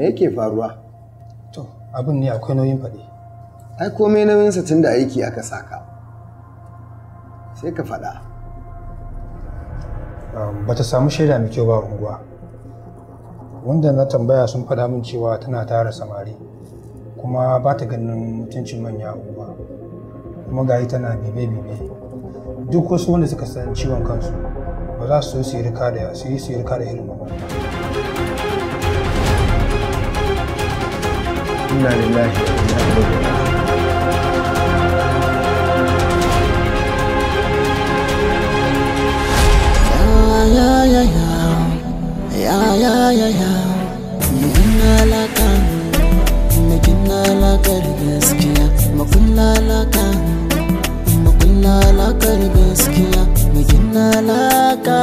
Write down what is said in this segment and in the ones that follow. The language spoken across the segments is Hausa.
me yake faruwa to abin ne akwai nauyin faɗi ai komai nauyinsa tun da aiki aka saka sai ka faɗa ba ta samu shaida mai kyau ba unguwa wanda na tambaya sun faɗa min cewa tana tara samari kuma ba ta ganin mutuncin manya unguwa kuma tana bibe-bibe duk wasu wanda suka san ciwon kansu ba za su so su yi rika da irin ba inna lillahi wa inna ya ya ya ya ya ya ina alaka mutum na alakar gaskiya makulla alaka makulla alakar gaskiya mutum na alaka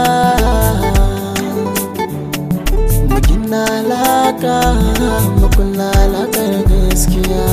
na laka makulla lakar gaskiya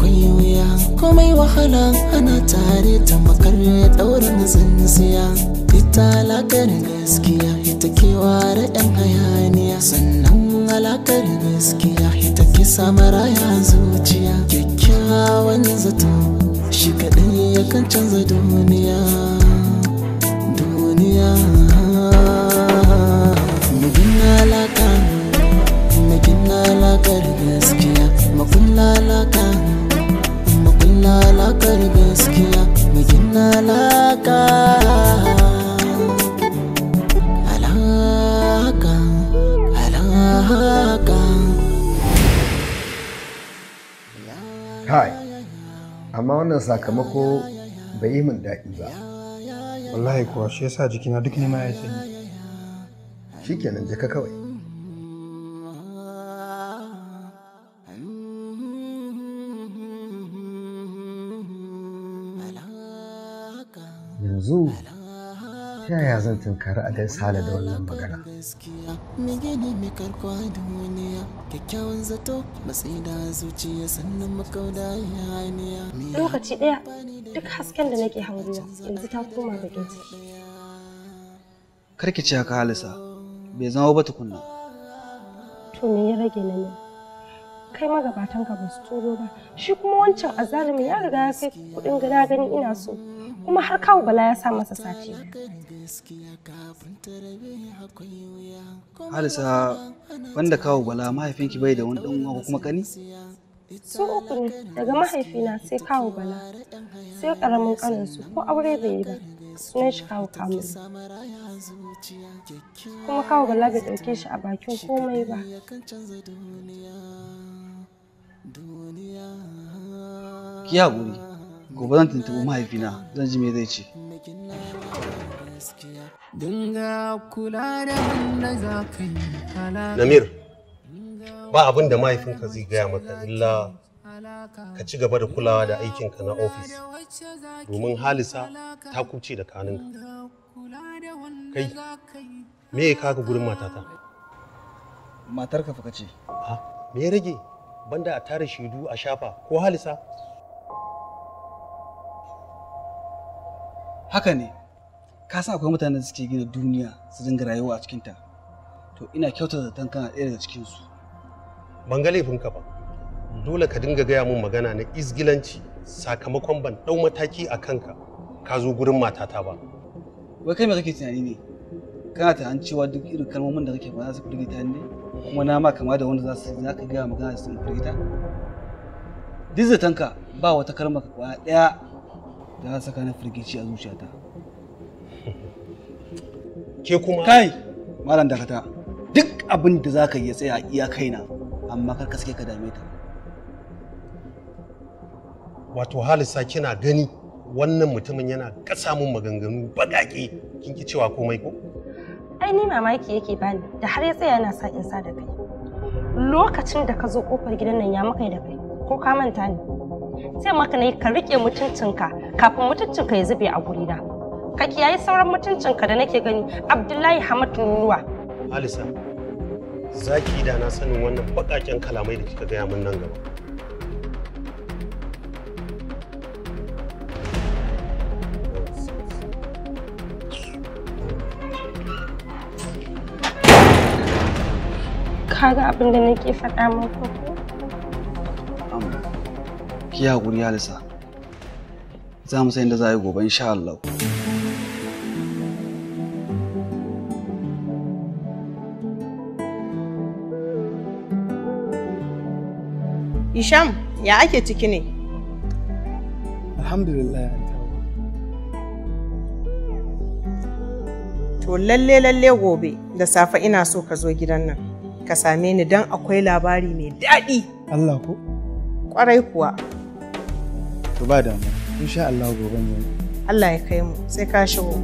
akwai wuya komai wahala ana tare ta makar ɗaurin zanziya ita alakar gaskiya ita ke da yan hayaniya sannan alakar gaskiya ita ke samaraya zuciya kyakkyawan zato shi kaɗai yakan canza duniya duniya alaka, makin alakar gaskiya, makulla alaka na lakar gaskiya mijin na alaka amma wannan sakamako bai yi min daɗi ba wallahi kuwa shi yasa jikina duk nema ya sanyi shikenan je ka kawai yanzu ta yaya zan tunkari a sale da wannan magana lokaci ɗaya duk hasken da nake hango yanzu ta koma da ciki karki ce haka halisa bai zama ba tukunna to me ya rage na ne kai magabatan ka ba su turo ba shi kuma wancan azalimi ya riga ya kai kudin gida gani ina so kuma har kawo bala ya sa masa sati halisa wanda kawo bala mahaifinki bai da wani ɗan ko kuma kani su uku ne daga mahaifina sai kawo bala sai ƙaramin ƙaninsu ko aure bai yi ba sunan shi kawo kamun kuma kawo bala bai ɗauke shi a bakin komai ba ki haƙuri gobe zan tuntuɓi mahaifina zan ji me zai ce Namir, ba abin da mahaifinka zai gaya maka illa ka ci gaba da kulawa da aikinka na ofis domin halisa ta kuce da kaninka. Kai, me ya kaka gurin matata? Matarka fa ce. me ya rage banda a tara shaidu a shafa ko halisa? haka ne ka san akwai mutanen da suke gina duniya su dinga rayuwa a cikinta to ina kyauta tanka a ɗaya daga cikinsu ban ga laifinka ba dole ka dinga gaya mun magana na izgilanci sakamakon ban ɗau mataki a kanka ka zo gurin matata ba wai kai me kake tunani ne kana ta cewa duk irin kalmomin da kake za su firgita ne kuma na ma kama da wanda za su za ka gaya magana su firgita duk tanka ba wata kalmar kwaya ɗaya Ta saka na firgici a zuciyata ke kuma kai malam dakata duk abin da za ka yi tsaya iya kaina amma kar ka sake ka dame ta wato halisa kina gani wannan mutumin yana kasa mun maganganu baƙaƙe kin ki cewa komai ko ai ni mamaki yake bani da har ya tsaya yana sa in sa da kai lokacin da ka zo kofar gidan nan ya maka da kai ko ka manta ni sai maka ne ka rike mutuncinka kafin mutuncinka ya zube a gurina ka kiyaye sauran mutuncinka da nake gani abdullahi hamadu ruwa alisa zaki da na sanin wannan bakaken kalamai da kika gaya min nan gaba kaga abin da nake faɗa muku ki haƙuri halisa za mu san inda za a yi gobe insha Allah Isham ya ake ciki ne Alhamdulillah To lalle lalle gobe da safe ina so ka zo gidan nan ka same ni don akwai labari mai daɗi Allah ku. Ƙwarai kuwa. to ba damu insha Allah gobe mu Allah ya kai mu sai ka shigo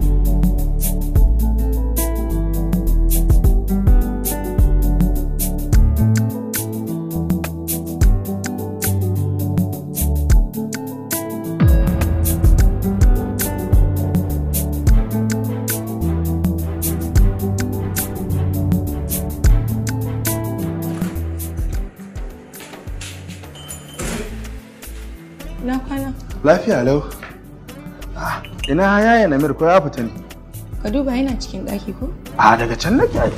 Lafiya lau. Ah, ina yaya Namir ko ya fita ne? Ka duba yana cikin ɗaki ko? A ah, daga can nake ai.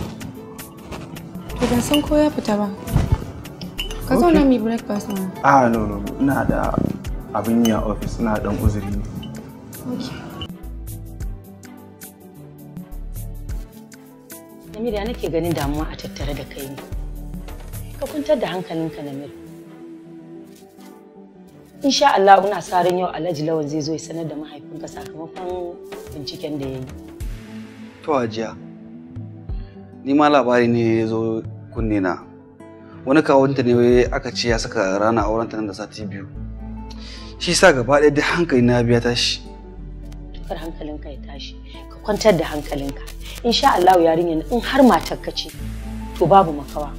To ban san ko ya fita ba. Ka zauna mi breakfast na. Ah no no ina da abin yi a office ina dan uzuri ne. Okay. Namir ya nake ganin damuwa a tattare da kai ne. Ka kwantar da hankalinka Namir. insha Allah muna sa ran yau Alhaji Lawan zai zo ya sanar da mahaifinka sakamakon binciken da ya yi. To ajiya. Ni ma labari ne ya zo kunne na. Wani kawunta ne aka ce ya saka rana auren ta nan da sati biyu. Shi sa gaba ɗaya duk hankali na biya tashi. Dukar hankalinka ya tashi, ka kwantar da hankalinka. Insha Allah yarinyar in har matar ka ce, to babu makawa.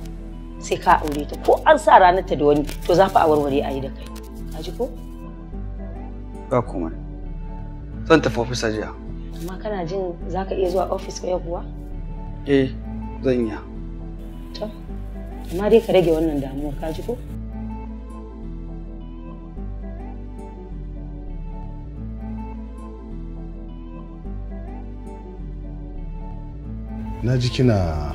Sai ka aure ta ko an sa ranar ta da wani to za fa a warware ayi da kai. ka ko ba komai zan tafi ofis jiya amma kana jin za ka iya zuwa ofis yau kuwa eh zan iya to amma dai ka rage wannan damuwa ka ji ko na ji kina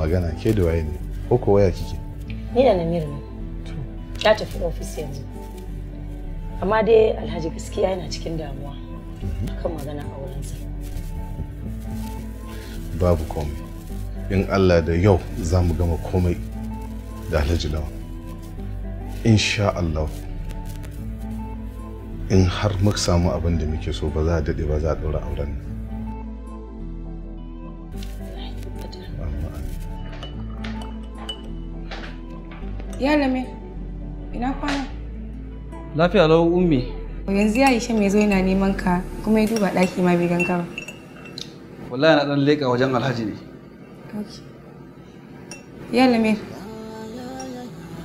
magana ke da waye ne ko ko waya kike ni da namir ne ya tafi ofis yanzu amma dai alhaji gaskiya yana cikin damuwa kan magana aurensa babu komai in allah da yau za mu gama komai da alhaji lawan insha allah in har muka samu abin da muke so ba za a daɗe ba za a ɗora auren nan Ya lame, ina kwana? Lafiya lau ummi. Yanzu ya Aisha mai zo yana neman ka kuma ya duba ɗaki ma bai ganka ba. Wallahi na ɗan leƙa wajen Alhaji ne. Ya Lamir,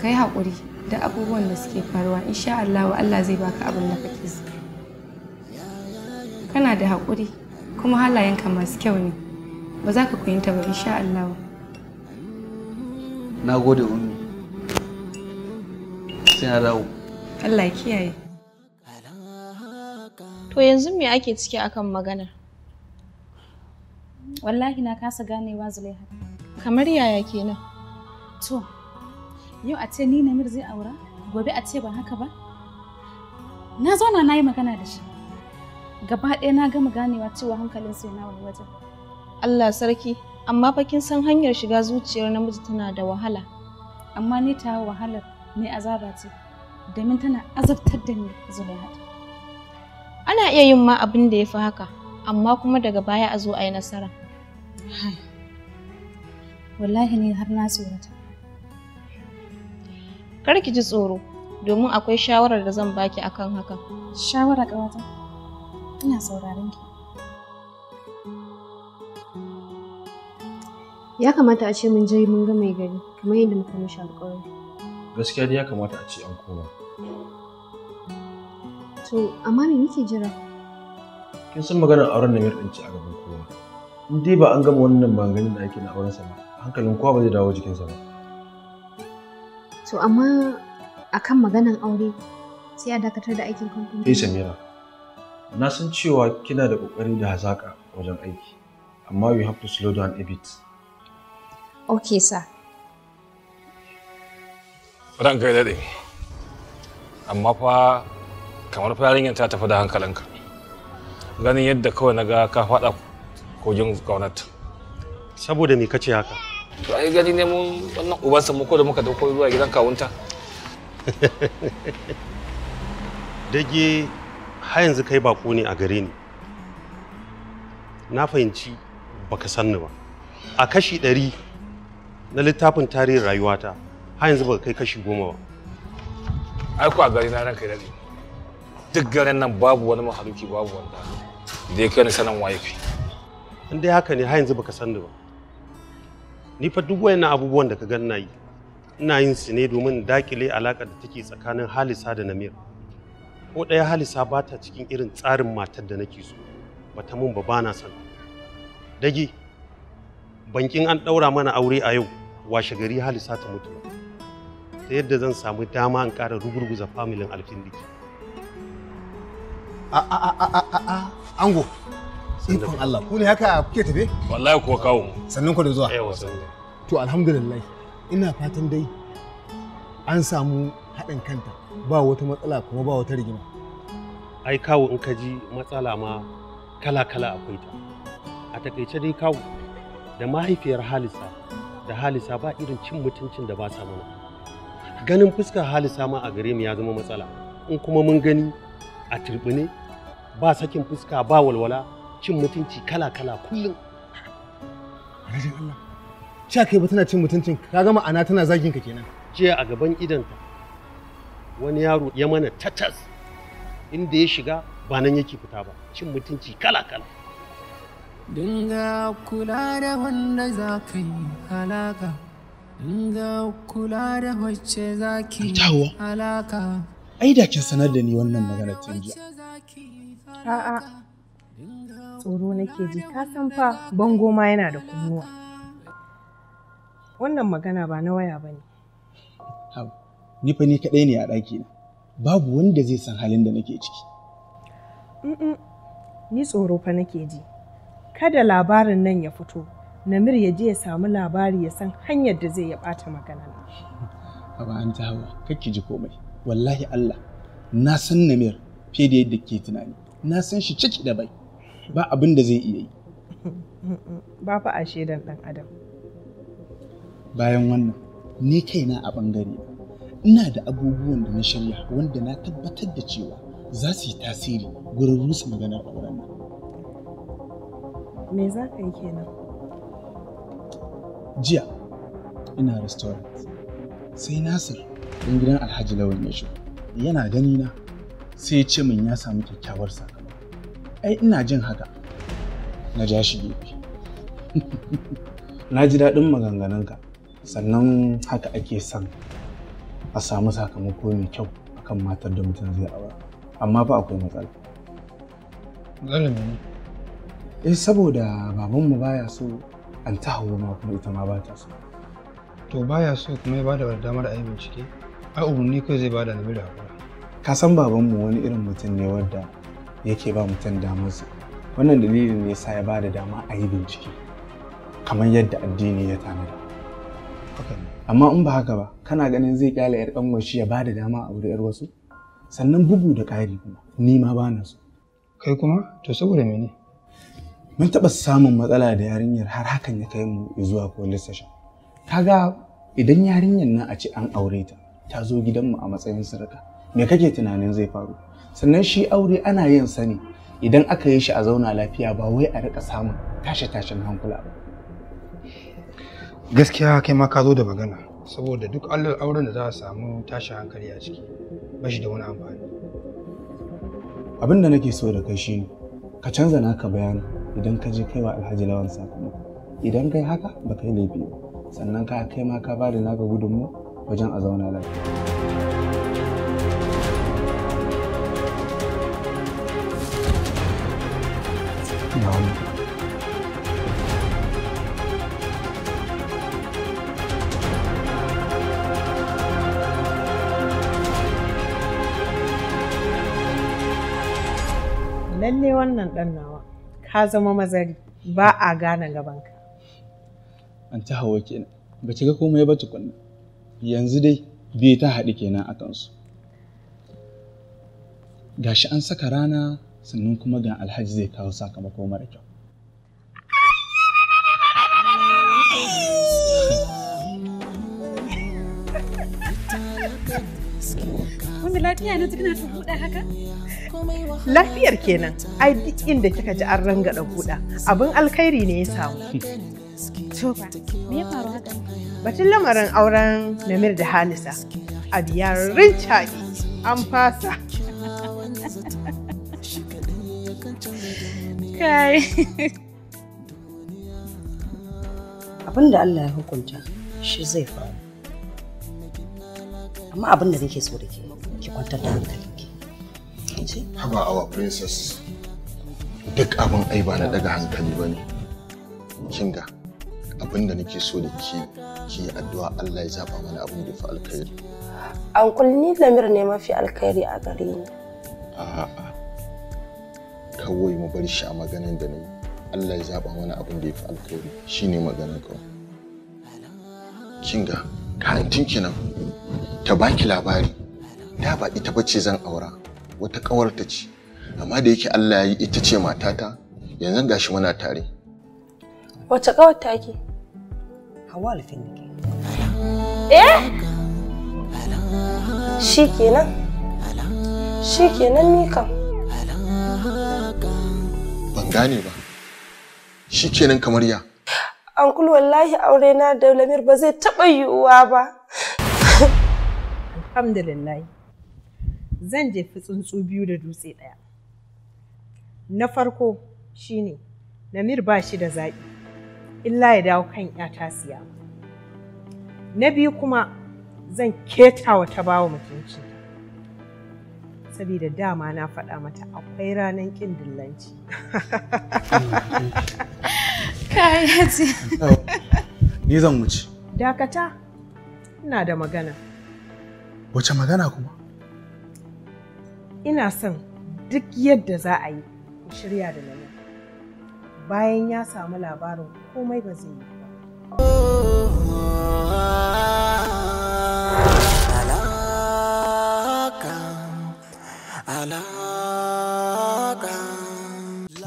ka yi haƙuri da abubuwan da suke faruwa insha Allah wa Allah zai baka abin da kake so. Kana da haƙuri kuma halayenka masu kyau ne. Ba za ka koyinta ba insha Allah. Na gode, Ummi. Sai na dawo. Allah kiyaye. To yanzu me ake ciki akan magana? Wallahi na kasa ganewa Zulaiha. Kamar yaya kenan? To, yau a ce ni Namir zai aura, gobe a ce ba haka ba? Na zauna na yi magana da shi. Gaba ɗaya na gama ganewa cewa hankalin sai na wani wajen. Allah sarki, amma fa kin san hanyar shiga zuciyar namiji tana da wahala. Amma ni ta wahalar mai azaba ce. domin tana azabtar da ni zulaiha ana iya yin ma abin da ya fi haka amma kuma daga baya a zo a yi nasara wallahi ne har na tsorata kar ki ji tsoro domin akwai shawarar da zan baki akan haka shawara ƙawata ina sauraron ki ya kamata a ce mun je mun ga mai gari kamar yadda muka mishi alƙawari gaskiya dai ya kamata a ce an koma To, amma me muke jira? Kin san maganar auren da ɗinci a gaban kowa. In dai ba an gama wannan maganin da ake na auren sa ba, hankalin kowa ba zai dawo jikinsa ba. To, amma akan maganar aure sai a dakatar da aikin kamfani. Eh Samira, na san cewa kina da ƙoƙari da hazaƙa wajen aiki, amma you have to slow down a bit. Okay, sir. Ranka ya daɗe. amma fa kamar farin ta tafi da hankalinka ganin yadda kawai na ga ka faɗa kogin gwamnati saboda me kace haka to ai gani ne mun wannan uban mu ko da muka dauko zuwa gidan kawunta dage har yanzu kai bako ne a gare ni na fahimci baka san ni ba a kashi ɗari na littafin tarihin rayuwata har yanzu baka kai kashi goma ba ai ko a gari na ranka dade duk garin nan babu wani mahaluki babu wanda da ya kai ni sanin in dai haka ne har yanzu baka san ni ba ni fa duk wayannan abubuwan da ka gan na yi ina yin su ne domin dakile alaƙa da take tsakanin Halisa da Namir ko ɗaya Halisa ba ta cikin irin tsarin matar da nake so bata mun ba bana san dage bankin an ɗaura mana aure a yau washe gari Halisa ta mutu ta yadda zan samu dama in ƙara za familin alfindiki a a a a a a ango ikon Allah ku ne haka kuke tafe wallahi ko kawo sannan ku da zuwa yawa to alhamdulillah ina fatan dai an samu haɗin kanta ba wata matsala kuma ba wata rigima ai kawo in ka ji matsala ma kala-kala akwai ta a takaice dai kawo da mahaifiyar halisa da halisa ba irin cin mutuncin da ba sa mana ganin fuskar halisa ma a gare mu ya zama matsala in kuma mun gani a turbine ba sakin fuska ba walwala cin mutunci kala-kala kullum Allah cewa kai ba tana cin mutuncin ka gama ana tana zagin ka kenan jiya a gaban idanta wani yaro ya mana tatas inda ya shiga ba nan yake fita ba cin mutunci kala-kala dinga kula da wanda za halaka Ga kula da wacce zaki alaka. Ai da kin sanar da ni wannan magana tun jiya. A'a. Tsoro nake ji ka san fa bango ma yana da kunnuwa. Wannan magana ba na waya ba ne. ni fa ni kaɗai ne a ɗaki na. Babu wanda zai san halin da nake ciki. Mm ni tsoro fa nake ji. Kada labarin nan ya fito namir ya je ya samu labari ya san hanyar da zai ya ɓata magana Aba an ta hawa kake ji komai wallahi Allah na san namir fiye da yadda ke tunani na san shi ciki da bai ba abin da zai iya yi ba fa a shedan ɗan adam bayan wannan ni kaina a bangare, ina da abubuwan da na shirya wanda na tabbatar da cewa za su yi tasiri gurin rusa maganar auren nan me za ka yi kenan jiya ina restaurant sai nasir ɗan gidan alhaji lawan ya shigo yana gani na sai ya ce min ya samu kyakkyawar sakamako ai ina jin haka na ja shi gefe na ji daɗin maganganunka sannan haka ake son a samu sakamako mai kyau akan matar da mutum zai aura amma fa akwai matsala matsala ne eh saboda babanmu baya so an ta hawa ma kuma ita ma ba ta so to baya so kuma ya bada damar a yi bincike a umarni kai zai bada nabi da hakura ka san babanmu wani irin mutum ne wadda yake ba mutum damar su wannan dalilin ne yasa ya bada dama a yi bincike kamar yadda addini ya tanada amma in ba haka ba kana ganin zai kyale yar kanwar ya bada dama a wuri yar wasu sannan bugu da ƙari kuma ni ma bana so kai kuma to saboda mene mun taɓa samun matsala da yarinyar har hakan ya kai mu zuwa police station kaga idan yarinyar nan a ce an aure ta ta zo gidanmu a matsayin sarka me kake tunanin zai faru sannan shi aure ana yin sa ne idan aka yi shi a zauna lafiya ba wai a rika samun tashe tashen hankula ba gaskiya kai ma ka zo da magana saboda duk allar auren da za a samu tashi hankali a ciki ba shi da wani amfani abin da nake so da kai ne ka canza naka bayanin idan ka je wa alhaji lawan sakamako idan kai haka ba kai laifi ba sannan ka kai ma ka bada naka gudunmu wajen a zauna lafiya lalle wannan ɗan ka zama mazari ba a gane gabanka an ta hawa kenan ba ki ga komai ba tukunna yanzu dai bai ta haɗu kenan a kansu gashi an saka rana sannan kuma ga alhaji zai kawo sakamako mara kyau Thank you. lafiya kina ta buɗa haka? Lafiyar kenan. Ai duk inda kika ji an rangada buɗa abin alkhairi ne ya samu. me ya faru haka? Batun lamarin auren Namir da Halisa. A biyar ne an fasa. Kai. Abin da Allah ya hukunta shi zai faru. amma abin da nake so da ke wata dama haba awa princess duk abin ai ba na daga hankali ba ne kinga abin da nake so da ke ki yi addu'a Allah ya zaba mana abin da fi alkhairi an kulli lamir ne mafi alkhairi a gare ni a'a kawai mu bar shi a maganin da ni Allah ya zaba mana abin da ya fi alkhairi shine magana ka. kinga ka antin kenan ta baki labari da ba ita ba ce zan aura wata ƙawarta ce amma da yake Allah ya yi ita ce matata yanzu gashi muna tare wace ƙawar ke? hawa alfin ne. eh shi kenan shi kenan ni ban gane ba shi kenan kamar ya Ankul wallahi aure na da Lamir ba zai taɓa yiwuwa ba. Alhamdulillah. zan jefi tsuntsu biyu da dutse ɗaya. Na farko shi ne, Namir ba shi da zaɓi, illa ya dawo kan ‘yata siya. Na biyu kuma zan keta wa ta bawa mutunci. Saboda dama na faɗa mata akwai ranar ƙin dillanci. Ni zan wuce. Dakata, ina da magana. Wace magana kuma? ina son duk yadda za a yi ku shirya da nana bayan ya samu labarin komai ba zai yi ba.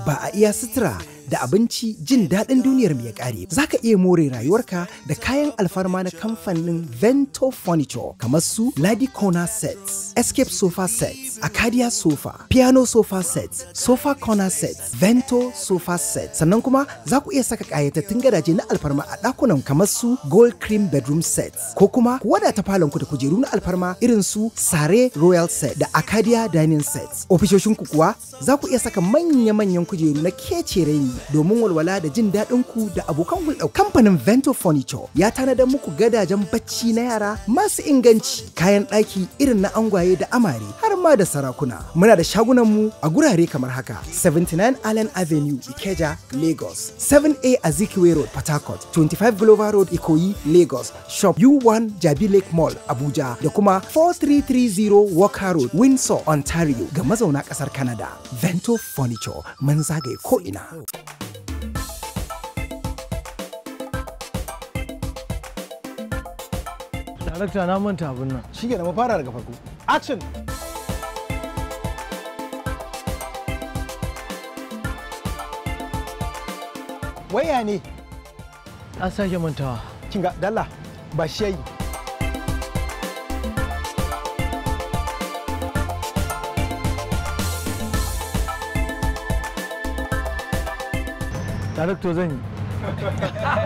Ba a iya sutura da abinci jin daɗin duniyar mu ya ƙare. Za ka iya more rayuwarka da kayan alfarma na kamfanin Vento Furniture kamar su Ladi Corner Sets, Escape Sofa Sets, Acadia Sofa, Piano Sofa Sets, Sofa Corner Sets, Vento Sofa Sets. Sannan kuma za ku iya saka ƙayatattun gadaje na alfarma a ɗakunan kamar su Gold Cream Bedroom Sets ko kuma ku wadata falonku da kujeru na alfarma irin su Sare Royal Set da Acadia Dining Sets. Ofishoshinku kuwa za ku iya saka manya-manyan kujeru na kece raini domin walwala da jin daɗin ku da abokan hulɗa. Kamfanin Vento Furniture ya tanadar muku gadajen bacci na yara masu inganci, kayan ɗaki irin na angwaye da amare har ma da sarakuna. Muna da shagunan mu a gurare kamar haka: 79 Allen Avenue, Ikeja, Lagos, 7A Azikiwe Road, Port Harcourt, 25 Glover Road, Ikoyi, Lagos, Shop U1 Jabi Lake Mall, Abuja, da kuma 4330 Walker Road, Windsor, Ontario, ga mazauna ƙasar Canada. Vento Furniture mun zagaye ko'ina. Darakta na manta abin nan. Shi ke mu fara daga farko. Action! Waya ne? An sake mantawa. Kinga, dala ba shi yayi. Director zan yi.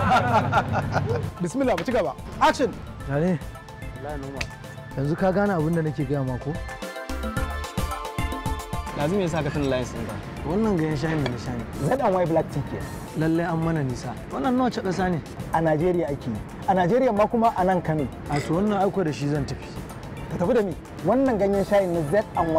Bismillah ci gaba. Action. Yare. Yanzu ka gane abin da nake gaya ma ko? Lazim ya sa ka tuna layin singa. Wannan ganyen shayin ne na zai dan ZY Black Tea Lallai an mana nisa. Wannan nawa ce ƙasa ne? A Najeriya ake yi. A Najeriya ma kuma a nan Kano. A to wannan aiko da shi zan tafi. ka tafi da me wannan ganyen shayin na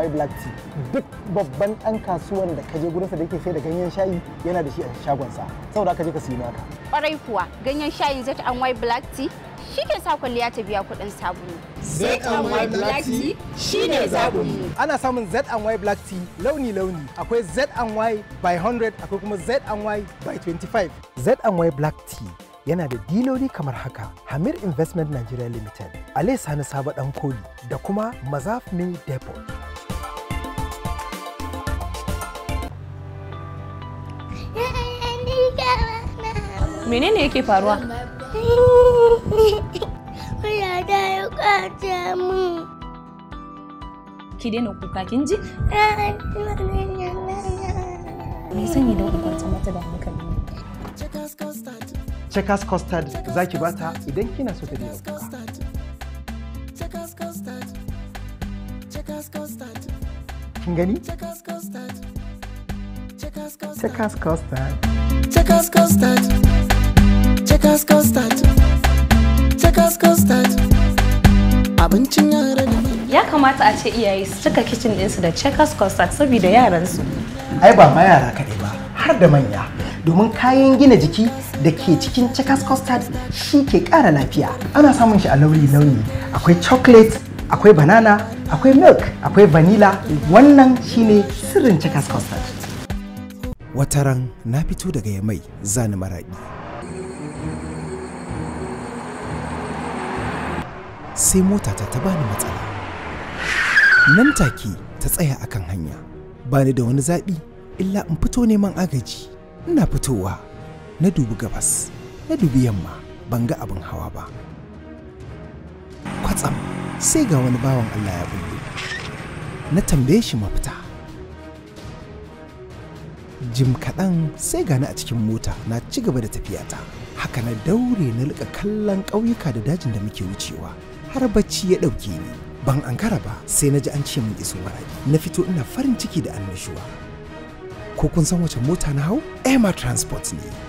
y Black Tea duk babban ɗan kasuwan da kaje gurinsa da yake sai da ganyen shayi yana da shi a shagonsa saboda ka je ka siyo naka kwarai kuwa ganyen shayin y Black Tea shi ke sa kwalliya ta biya kuɗin sabulu. y Black Tea shi ne mu. Ana samun y Black Tea launi-launi akwai y by 100 akwai kuma y by 25. y Black Tea yana da diloli kamar haka Hamir Investment Nigeria Limited, Ale Sani Sabo Dan Koli da kuma Mazaf Mil Depot. Menene yake faruwa? Wadda ya kwace mu. Ki daina kuka kin ji? Me sanyi da kuka mata da hankali. checkers custard za ki ba ta idan kina so ta biya kuka kin gani checkers custard checkers custard checkers custard checkers custard abincin yara da ya kamata a ce iyaye su cika kicin ɗinsu da checkers custard saboda yaransu ai ba ma yara kaɗai ba har da manya domin kayan gina jiki da ke cikin Checkers custard shi ke ƙara lafiya. Ana samun shi a launi-launi. Akwai chocolate, akwai banana, akwai milk, akwai vanilla. Wannan shine sirrin Checkers custard. Wata ran na fito daga Yamai zani maraƙi. Sai motata ta ni matsala. Nan take ta tsaya akan hanya. Bani da wani zaɓi illa in fito neman agaji. Ina fitowa na dubi gabas na dubi yamma ban ga abin hawa ba kwatsam sai ga wani bawan allah ya bullo na tambaye shi mafita jim kaɗan sai gani a cikin mota na ci gaba da tafiyata haka na daure na lika kallon ƙauyuka da dajin da muke wucewa har bacci ya ɗauke ni ban ankara ba sai na ji an ce min iso maraɗi na fito ina farin ciki da annashuwa ko kun san wace mota na hau emma transport ne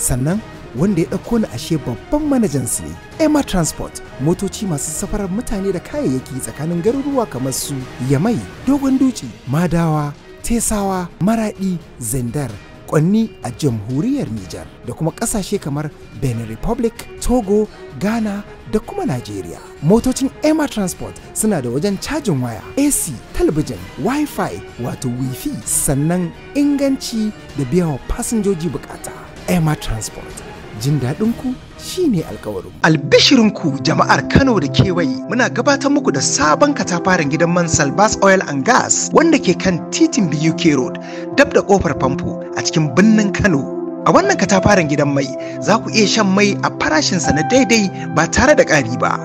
sannan wanda ya ɗauko ni ashe babban manajan su ne emma transport motoci masu safarar mutane da kayayyaki tsakanin garuruwa kamar su yamai dogon duci madawa tesawa Maradi, zindar kwanni a jamhuriyar Nijar da kuma ƙasashe kamar Benin Republic, Togo, Ghana da kuma Najeriya. Motocin Emma Transport suna da wajen cajin waya, AC, talabijin, Wi-Fi wato wifi sannan inganci da biyawa fasinjoji bukata. Emma Transport. Jin daɗinku shi ne alkawarin. Albishirinku jama'ar Kano da kewaye muna gabatar muku da sabon katafaren gidan man Salbas Oil and Gas wanda ke kan titin BUK Road dab da kofar famfo a cikin birnin Kano. A wannan katafaren gidan mai za ku iya shan mai a farashinsa na daidai ba tare da ƙari ba.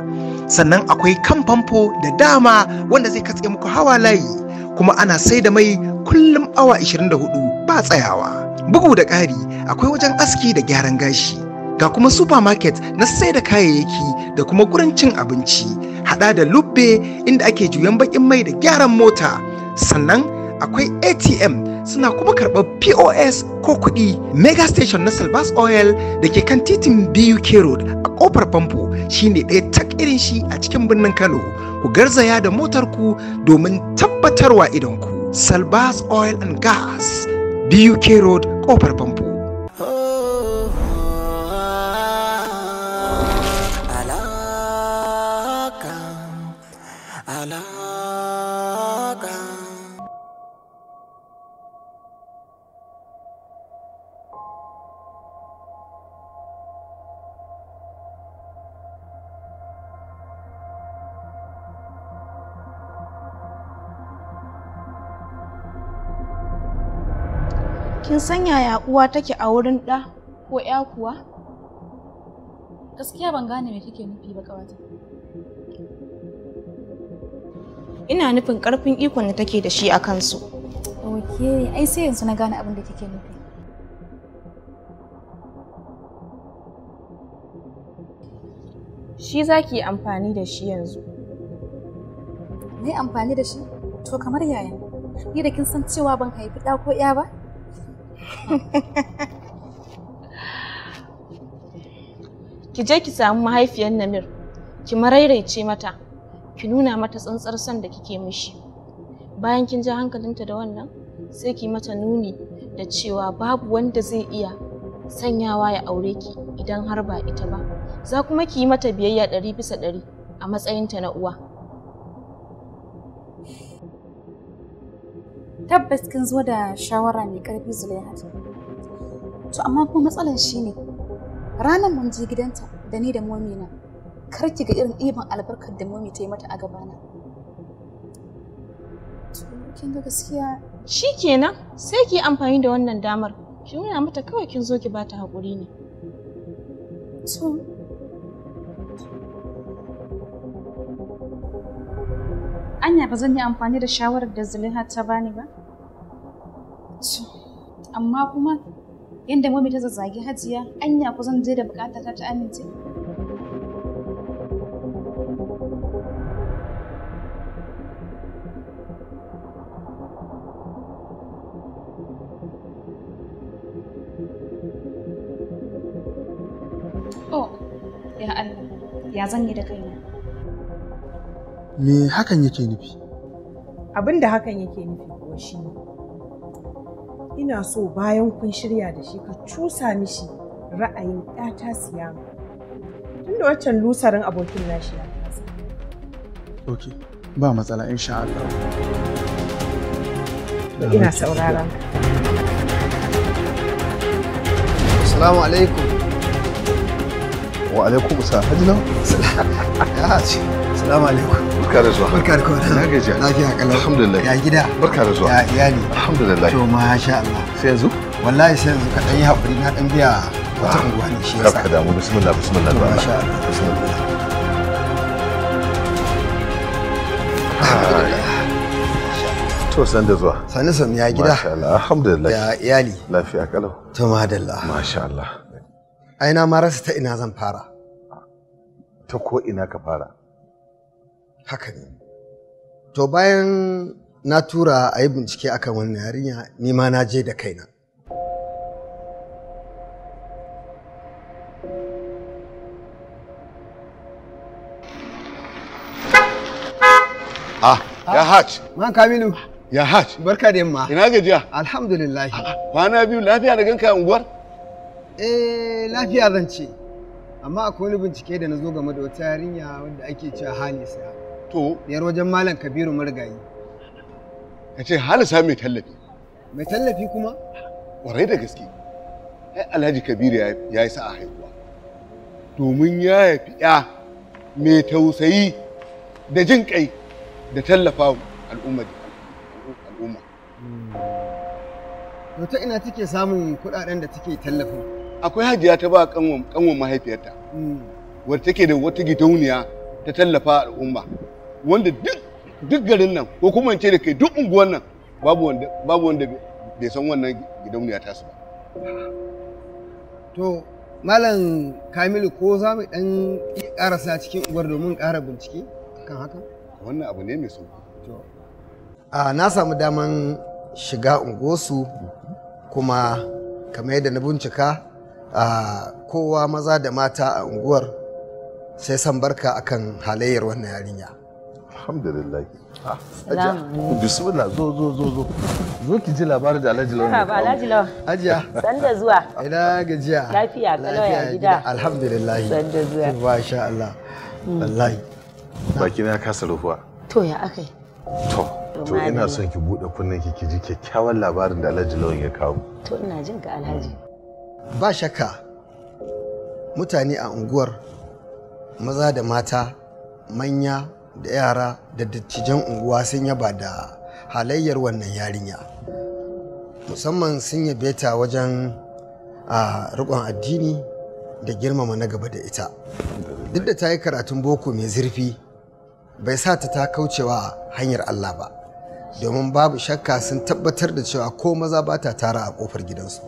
Sannan akwai kan famfo da dama wanda zai katse muku hawa layi kuma ana sai da mai kullum awa 24 ba tsayawa. bugu da ƙari akwai wajen aski da gyaran gashi ga kuma supermarket na sai da kayayyaki da kuma gurin cin abinci hada da lubbe inda ake juyan bakin mai da gyaran mota sannan akwai atm suna kuma karɓar pos ko kuɗi mega station na salvas oil da ke kan titin buk road a ƙofar famfo shine ɗaya tak irin shi a cikin birnin kano ku garzaya da motarku domin tabbatarwa idonku salvas oil and gas BUK Road, ƙofar famfo. kin san yaya uwa take a wurin ɗa ko ya kuwa? Gaskiya ban gane me kike nufi ba kawata. Ina nufin ƙarfin ikon da take da shi a kansu. Ok, ai sai yanzu na gane abin da kike nufi. Shi za ki amfani da shi yanzu. Me amfani da shi? To kamar yaya? Ni da kin san cewa ban haifi ɗa ko ya ba? ki je ki samu mahaifiyar Namir, ki marairaice mata, ki nuna mata tsantsar son da kike mishi. Bayan kin ji hankalinta da wannan, sai ki mata nuni da cewa babu wanda zai iya sanyawa ya aure ki idan har ba ita ba. Za kuma ki yi mata biyayya ɗari bisa ɗari a matsayinta na uwa. tabbas kin zo da shawara mai ƙarfi zulaihat to amma kuma matsalar shi ne ranar mun je gidanta da ni da momi na, kar ki ga irin ɗiban albarkar da momi ta yi mata a gabana kin ga gaskiya shi kenan, sai ki amfani da wannan damar ki nuna mata kawai kin zo ki ba ta haƙuri ne to anya ba zan yi amfani da shawarar da Zulaiha ta bani ba amma kuma yadda mami ta zazzagi hajiya anya ku zan je da bukata ta amince Oh, ya Allah, ya zanyi da kaina. me hakan yake nufi abin da hakan yake nufi kuwa shi ne ina so bayan kun shirya da shi ka cusa mishi ra'ayin ƴata siyama tunda waccan lusarin abokin nashi ya kasa ok ba matsala in sha Allah ina sauraron Assalamu alaikum. Wa alaikum salam. Salam. Ya ce. Assalamu alaikum. Barka da zuwa. Barka da kowa. Na gaji. Lafiya kalau. Alhamdulillah. Ya gida. Barka da zuwa. Ya iyali. Alhamdulillah. To masha Allah. Sai yanzu? Wallahi sai yanzu ka yi na dan biya wata ah, unguwa ne shi yasa. Kaka damu bismillah bismillah. To masha Allah. Bismillah. To san da zuwa. Sani san ya gida. Masha Allah. Alhamdulillah. Ya iyali. Lafiya kalau. To madalla. Masha Allah. Aina ma rasa ta ina zan fara. Ta ko ina ka fara. haka ne to bayan na tura a yi bincike akan wannan yarinya ni ma na je da kaina ah ya ah, hajj man kamilu ya hajj barka da yamma ina gajiya alhamdulillah ah, kwana biyu lafiya da ganka unguwar eh lafiya zan ce amma akwai wani bincike da na zo game da wata yarinya wanda ake cewa halisa to yar wajen malam kabiru marigayi ka ce halisa mai tallafi mai tallafi kuma warai da gaske ai alhaji kabiru ya yi sa'a haihuwa domin ya haifi ya mai tausayi da jin kai da tallafa al'umma al'umma ta ina take samun kudaden da take tallafin akwai hajiya ta ba kanwan mahaifiyarta mm. wadda take da wata gidauniya ta tallafa al'umma wanda duk garin nan ko kuma in ce da kai duk unguwan nan babu wanda bai san wannan gidauniya ta su ba to malam kamilu ko za mu dan karasa cikin uwar domin ƙara bincike kan haka wannan abu ne mai sauki a na samu daman shiga unguwarsu kuma kamar yadda na bincika a kowa maza da mata a unguwar sai san barka akan halayyar wannan yarinya alhamdulillah ah, bismillah zo zo zo zo da alhaji lawan ba alhaji lawan ajiya ya gida alhamdulillah san hmm. ya akai hmm. ba mutane a unguwar maza da mata manya da yara da dattijan unguwa sun yaba da halayyar wannan yarinya musamman sun yabe ta wajen a rikon addini da girmama na gaba da ita duk da ta yi karatun boko mai zurfi bai sa ta ta kaucewa hanyar allah ba domin babu shakka sun tabbatar da cewa ko maza ba ta tara a kofar gidansu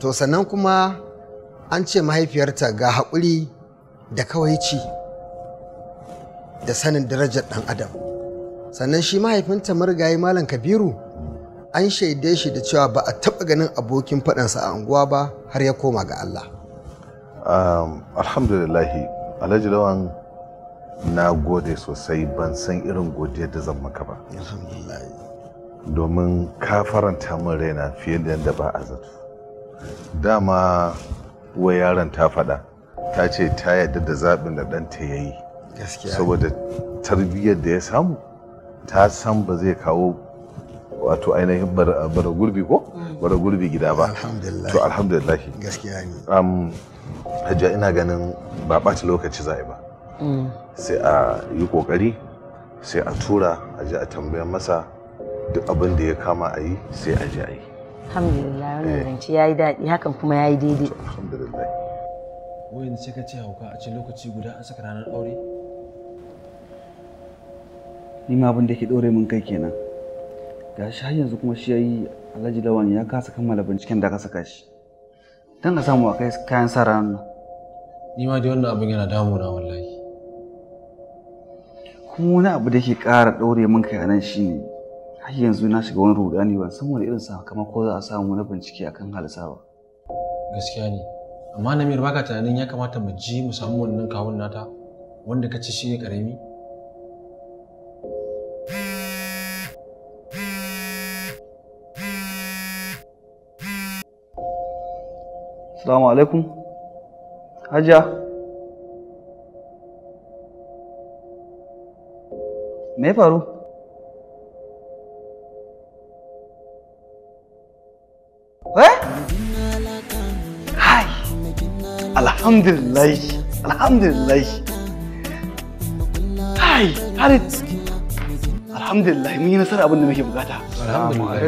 to sannan kuma an ce mahaifiyarta ga haƙuri da kawaici da sanin darajar ɗan adam sannan shi mahaifinta marigayi malam kabiru an shaide shi da cewa ba a taɓa ganin abokin faɗansa a unguwa ba har ya koma ga Allah. Um, alhamdulillahi alhaji lawan na gode sosai ban san irin godiyar da zan maka ba. domin ka faranta min raina fiye da yadda ba a zato dama wa yaron ta faɗa ta ce ta yarda da zaɓin da ɗanta ya yi saboda tarbiyyar da ya samu ta san ba zai kawo wato ainihin bara gurbi ko mm. bara gurbi gida ba to alhamdulillah gaskiya ne hajja ina ganin ba ɓata lokaci zai ba mm. sai a yi ƙoƙari sai a tura a je a tambaya masa duk abin da ya kama a yi sai a je a yi alhamdulillah wannan eh. zance ya yi daɗi hakan kuma ya yi daidai alhamdulillah wayan sai ka ce hauka a ce lokaci guda an saka ranar aure ni ma abin da ke ɗore min kai kenan ga shi har yanzu kuma shi yayi alhaji lawan ya kasa kammala binciken da ka saka shi don ka samu a kai kayan sa ranar nan ni ma dai wannan abin yana damuna wallahi kuma wani abu da ke ƙara ɗaure min kai a nan shine har yanzu na shiga wani rudani ban san wani irin sakamako za a samu na bincike akan halisa ba gaskiya ne amma mir baka tunanin ya kamata mu ji mu samu wannan kawun nata wanda ka ci shi ne karami Assalamu alaikum. Hajiya. Me faru? alhamdulillah alhamdulillah kai harit alhamdulillah mun yi nasara abin da muke bukata alhamdulillah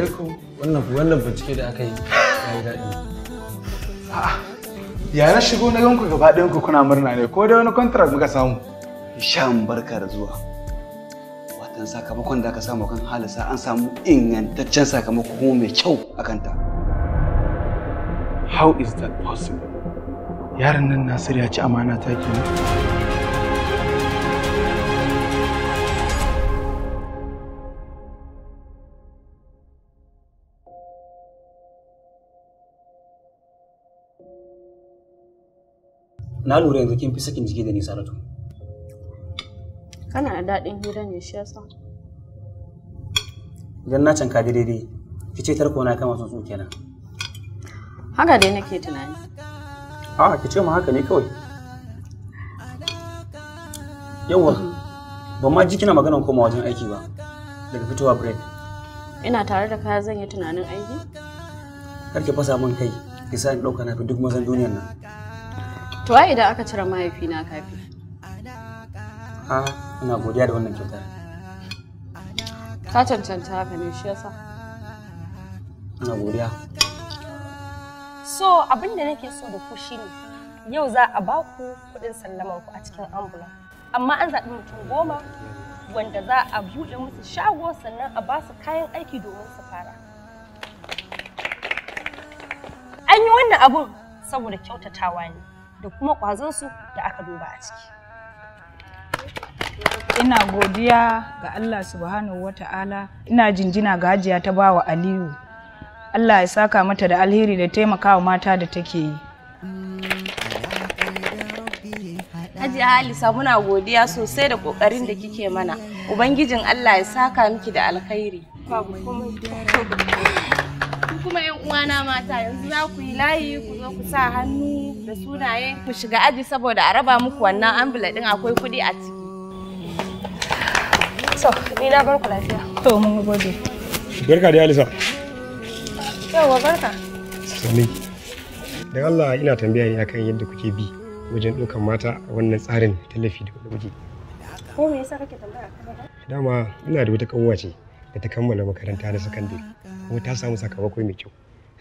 wannan wannan bincike da aka yi yayi daɗi ya na shigo na ganku gaba ɗayan ku kuna murna ne ko da wani contract muka samu shan barka da zuwa watan sakamakon da aka samu kan halisa an samu ingantaccen sakamako mai kyau a kanta how is that possible yaron nan Nasir ya ci amana ta kenan. Na lura yanzu kin fi sakin jiki da ni Saratu. Kana da daɗin hira ne shi yasa. Idan na canka daidai, ki ce tarko na kama tsuntsu kenan. Haka dai nake tunani. a ki ce ma haka ne kawai yawa ba ma ji kina maganar koma wajen aiki ba daga fitowa break ina tare da kaya zan yi tunanin aiki kar ki fasa min kai ki sa ni dauka na fi duk mazan duniyar nan to ai idan aka cire mahaifina kafi a ina godiya da wannan kyautar ka cancanta haka ne shi yasa ina godiya So abin da nake so da ku shine yau za a ba ku kuɗin sallaman ku a cikin ambula Amma an zaɓi mutum goma wanda za a buɗe musu shago sannan a ba su kayan aiki domin su fara. An yi wannan abun saboda kyautatawa ne da kuma su da aka duba a ciki. ina godiya ga Allah subhanahu wata'ala, ina jinjina ga hajiya ta bawa Aliyu Allah ya saka mata da alheri da taimakawa mata da take yi. Haji Halisa muna godiya sosai da kokarin da kike mana. Ubangijin Allah ya saka miki da alkhairi. kuma yan uwana mata yanzu za ku yi layi ku zo ku sa hannu da sunaye ku shiga aji saboda a raba muku wannan ambula din akwai kudi a ciki. So, ni na bar ku lafiya. To, mun gode. Barka da Halisa. Yawwa barka. Sami. Dan Allah ina tambaya ne akan yadda kuke bi wajen ɗaukar mata a wannan tsarin tallafi da kuke. Ko me yasa kake tambaya Dama ina da wata kawwa ce da ta kammala makaranta na sakandare kuma ta samu sakamako mai kyau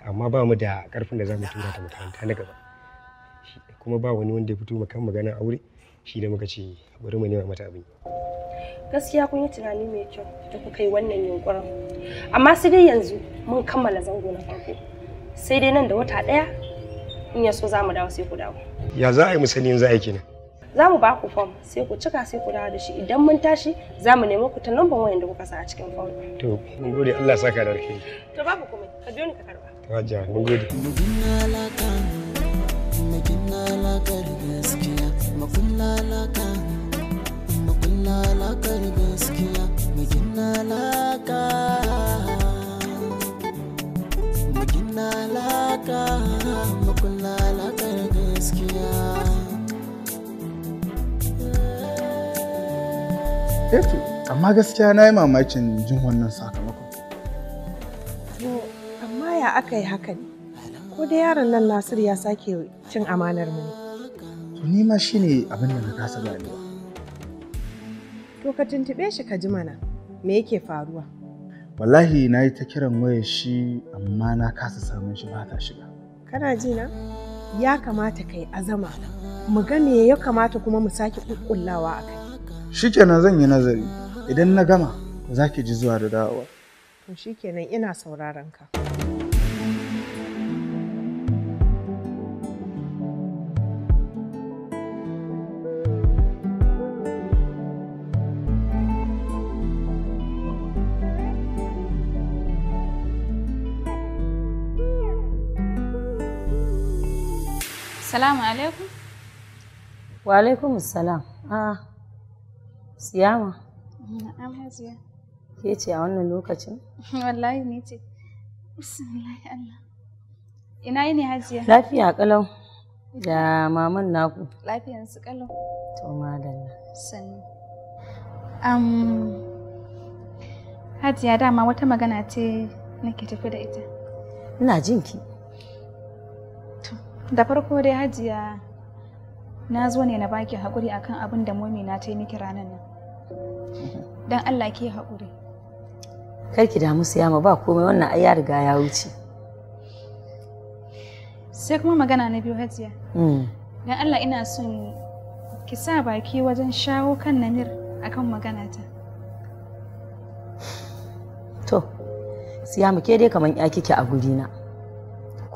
amma ba mu da karfin da za mu tura ta makaranta na gaba kuma ba wani wanda ya fito kan magana aure shi da muka ce bari mu nema mata abin gaskiya kun yi tunani mai kyau da kuka yi wannan yunkurin amma sai dai yanzu mun kammala zango na farko sai dai nan da wata ɗaya in ya so za mu dawo sai ku dawo ya za a yi musani a yi ne za mu ba ku fom sai ku cika sai ku dawo da shi idan mun tashi za mu nemi ku ta lambar wayan da kuka sa a cikin fom to mun gode Allah ya saka da alheri to babu komai ka biyo ni ka karba to hajiya mun gode gaskiya gaskiya na laka makulla lakar gaskiya eto amma gaskiya na yi mamakin jin wannan sakamakon To amma ya aka yi haka ne ko da yaron nan nasir ya sake cin amanar mu to ni ma shine abin da na kasa gani to ka tuntube shi ka ji mana me yake faruwa wallahi na yi ta kiran waya shi amma na kasa samun shi ba ta shiga kana ji na ya kamata kai azama mu ga me ya kamata kuma mu sake kukkullawa a kai shikenan zan yi nazari idan na gama za ki ji zuwa da dawowa to shikenan ina sauraron ka Salamu alaikum. Wa alaikum salam. Ah, siyama. Na'am Hajiya. Ke ce a wannan lokacin? Wallahi ni ce. Bismillah Allah. Ina yi ne hajiya? Lafiya kalau da maman naku. Lafiyan su kalau. To madalla. Sannu. Um, hajiya dama wata magana ce nake tafi da ita. Ina jinki. ki. da farko dai hajiya na zo ne na baki haƙuri akan abin da momi na ta yi miki ranar nan don allah ki haƙuri kar ki damu ma ba komai wannan ai ya riga ya wuce sai kuma magana na biyu hajiya hmm. don allah ina son ki sa baki wajen shawo kan namir akan magana ta to siyama ke dai kamar ya kike a gurina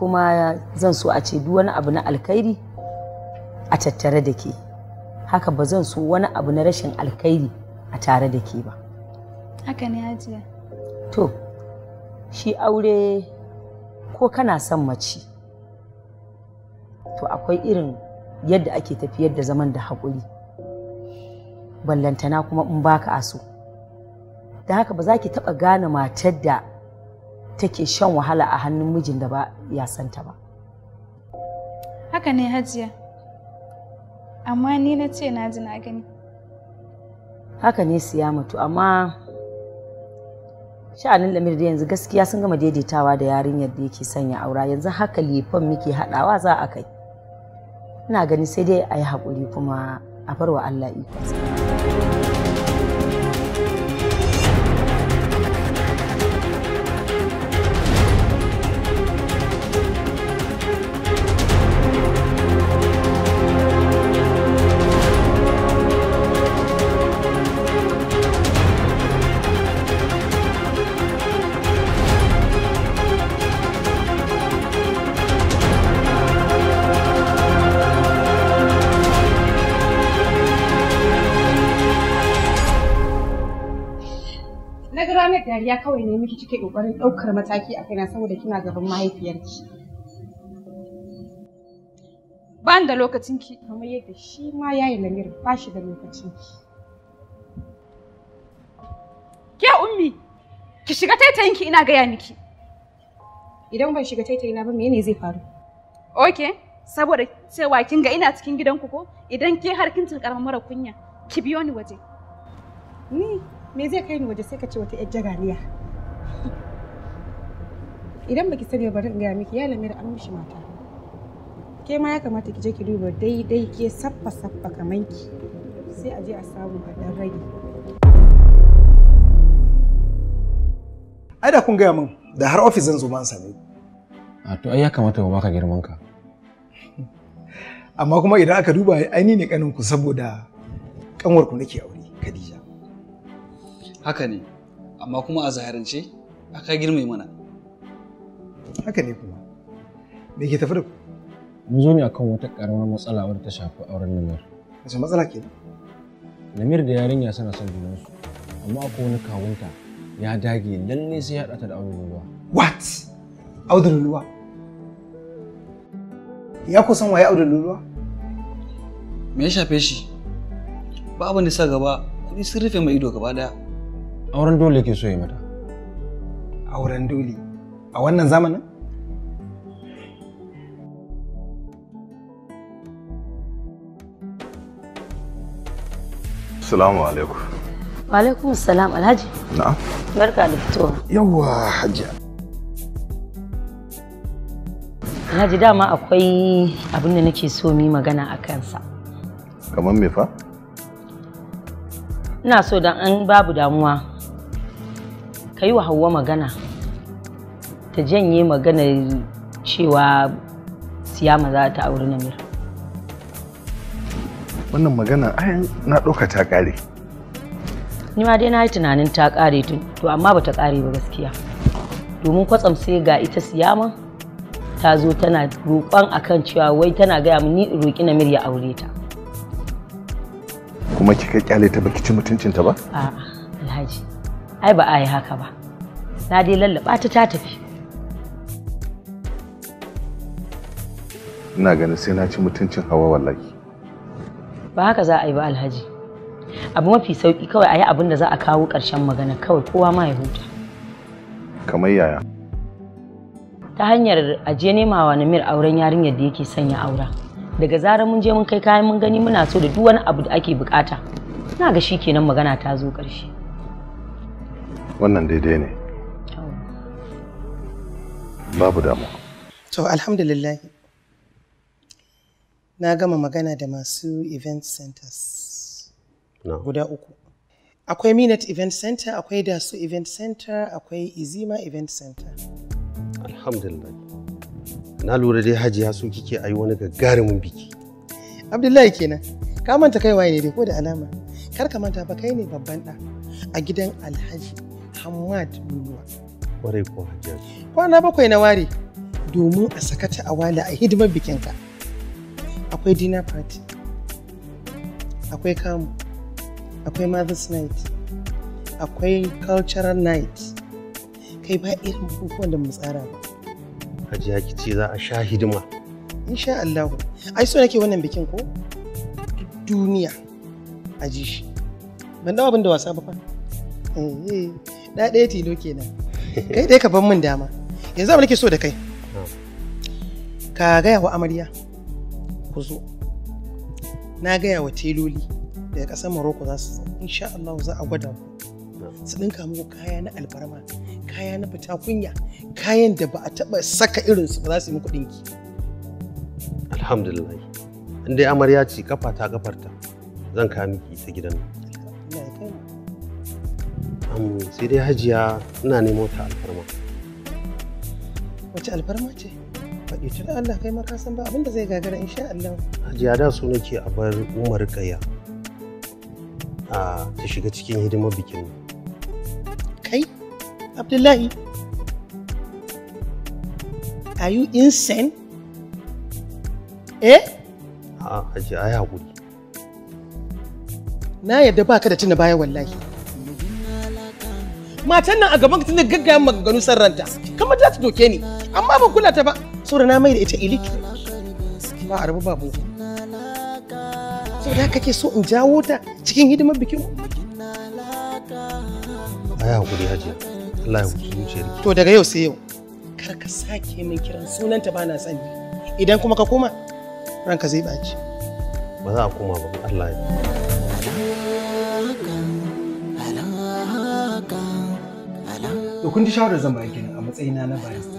kuma zan so a ce duk wani abu na alkhairi a tattare da ke haka ba zan so wani abu na rashin alkhairi a tare da ke ba haka ne hajiya to shi aure ko kana son mace to akwai irin yadda ake tafiyar da zaman da haƙuri ballantana kuma in baka a so da haka ba za ki taɓa gane matar da take shan wahala a hannun mijin da ba ya santa ba haka ne hajiya amma ni na ce na ji na gani haka ne siya mutu amma sha'anin lamir da yanzu gaskiya sun gama daidaitawa da yarinyar da yake sanya aura yanzu haka lefan muke haɗawa za a kai ina gani sai dai a yi haƙuri kuma a farwa Allah iko. ya kawai ne miki kike kokarin daukar mataki a kaina saboda kina gaban mahaifiyarki ban da lokacin ki kamar yadda shi ma yayi lamir ba shi da lokacin ki ke ummi ki shiga taitayin ki ina gaya miki idan ban shiga taitayina ba menene zai faru okay saboda cewa kin ga ina cikin gidanku ko idan ke har kin tilkar mara kunya ki biyo ni waje ni me zai kai ni waje sai ka ce wata 'yar jagaliya idan baki sani bari in gaya miki ya lamira an mishi mata ke ma ya kamata ki je ki duba daidai ke saffa saffa kaman ki sai a je a samu a dan rage ai da kun gaya min da har ofis zan zo ma same a to ai ya kamata mu baka girman ka amma kuma idan aka duba ai ni ne kanin ku saboda kanwar ku nake aure Khadija haka ne amma kuma a zahirance aka girma mana haka ne kuma me ke tafi da ku mun zo ne akan wata karamar matsala wadda ta shafi auren namir wace matsala ke namir da yarinya suna son su amma akwai wani kawunta ya dage lalle sai ya ta da auren ruwa what auren ruwa ya kusan waye auren ruwa me ya shafe shi ba abin da sa gaba kuɗi sun rufe mai ido gaba daya auren dole ke so yi mata auren dole a wannan zamanin Assalamu alaikum. Wa alaikum salam Alhaji. Na'am. Barka da fitowa. Yawwa Hajiya. Alhaji dama akwai abin da nake so mu magana a kansa. Kamar me fa? Ina so dan an babu damuwa ka yi wa hawa magana ta janye magana cewa siyama za ta auri namir wannan magana ayan na ɗauka ta ƙare ni ma dai na yi tunanin ta ƙare tun to amma ba ta ƙare ba gaskiya domin kwatsam sai ga ita siyama ta zo tana roƙon akan cewa wai tana gaya mu ni roƙi namir ya aure ta kuma kika kyale ta baki ci mutuncinta ba a'a alhaji ai ba a yi haka ba na dai lallaba ta ta tafi ina ganin sai na ci mutuncin hawa wallahi ba haka za a yi ba alhaji abu mafi sauki kawai a yi abin da za a kawo ƙarshen magana kawai kowa ma ya huta kamar yaya ta hanyar ajiye nemawa na mir auren yarinyar da yake sanya aura daga zarar mun je mun kai kayan mun gani muna so da duk wani abu da ake bukata na ga shi kenan magana ta zo ƙarshe wannan daidai ne babu damu to alhamdulillah na gama magana da masu event centers guda uku akwai minute event center akwai dasu event center akwai izima event center alhamdulillah na lura dai hajiya su kike ayi wani gagarumin biki abdullahi kenan ka manta kai waye ne dai ko da alama kar ka manta ba kai ne babban ɗa a gidan alhaji Hamad Doguwa. Kwarai ko Hajjaji. Kwana bakwai na ware domin a sakata a wala a hidimar bikinka. Akwai dinner party, akwai kamu, akwai mother's night, akwai cultural night. Kai ba irin bukukuwan da mu tsara ba. Hajiya ki ce za a sha hidima. Insha Allah. Ai so nake wannan bikin ko? Duniya a ji shi. Ban dawo abin da wasa ba fa. Eh eh. da ɗaya tilo kenan kai dai ka ban min dama yanzu abin nake so da kai ka gaya wa amarya ku zo na gaya wa teloli daga ƙasar Maroko za su zo insha Allah za a gwada ku su ɗinka muku kaya na albarma kaya na fita kunya kayan da ba a taɓa saka irin su ba za su yi muku ɗinki alhamdulillah in dai amarya ce kafa ta kafarta zan kawo miki ta gidan nan sai dai hajiya ina nemo ta alfarma wace alfarma ce faɗi ta da Allah kai ma san ba abinda zai gagara insha Allah hajiya da su nake a bar Umar Kaya a ta shiga cikin hidimar bikin kai Abdullahi are you insane eh a hajiya ai hakuri na yadda baka da tuna baya wallahi matan nan a gaban ka tana gaggayan maganganu san ranta kamar za ta doke ni amma ban kula ta ba saboda na mai da ita iliki ba rabu ba boko saboda kake so in jawo ta cikin hidimar bikin ai hakuri haji Allah ya hukunci zuciyarki to daga yau sai yau kar ka sake min kiran sunanta ba na sani idan kuma ka koma ranka zai baci ba za a koma ba Allah ya to kun ji shawarar zan baki a matsayina na barista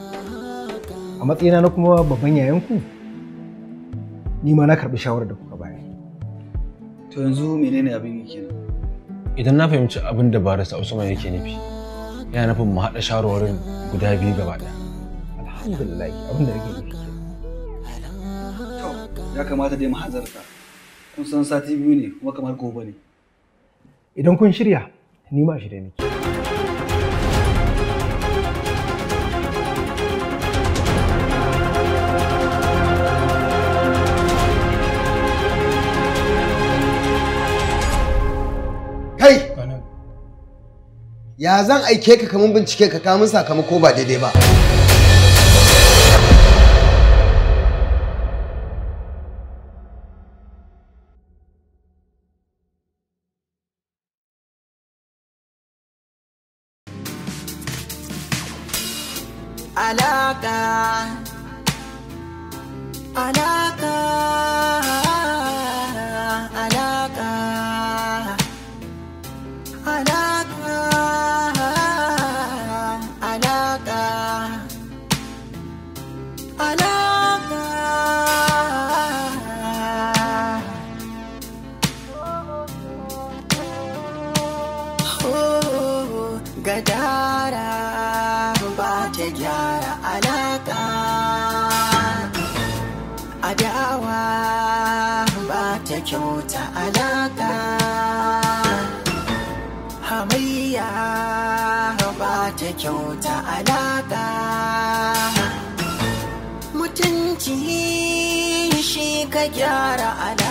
a matsayina na kuma babban yayanku ni ma na karɓi shawarar da kuka bayar to yanzu menene abin yake nan idan na fahimci abin da barista Usman yake nufi yana nufin mu haɗa shawarwarin guda biyu gaba ɗaya alhamdulillah abin da yake nufi ya kamata dai mu hanzarta kun san sati biyu ne kuma kamar gobe ne idan kun shirya ni ma shirya nake ya zan aike ka kamun bincike ka kamun sakamako ba daidai ba alaka alaka gyara ana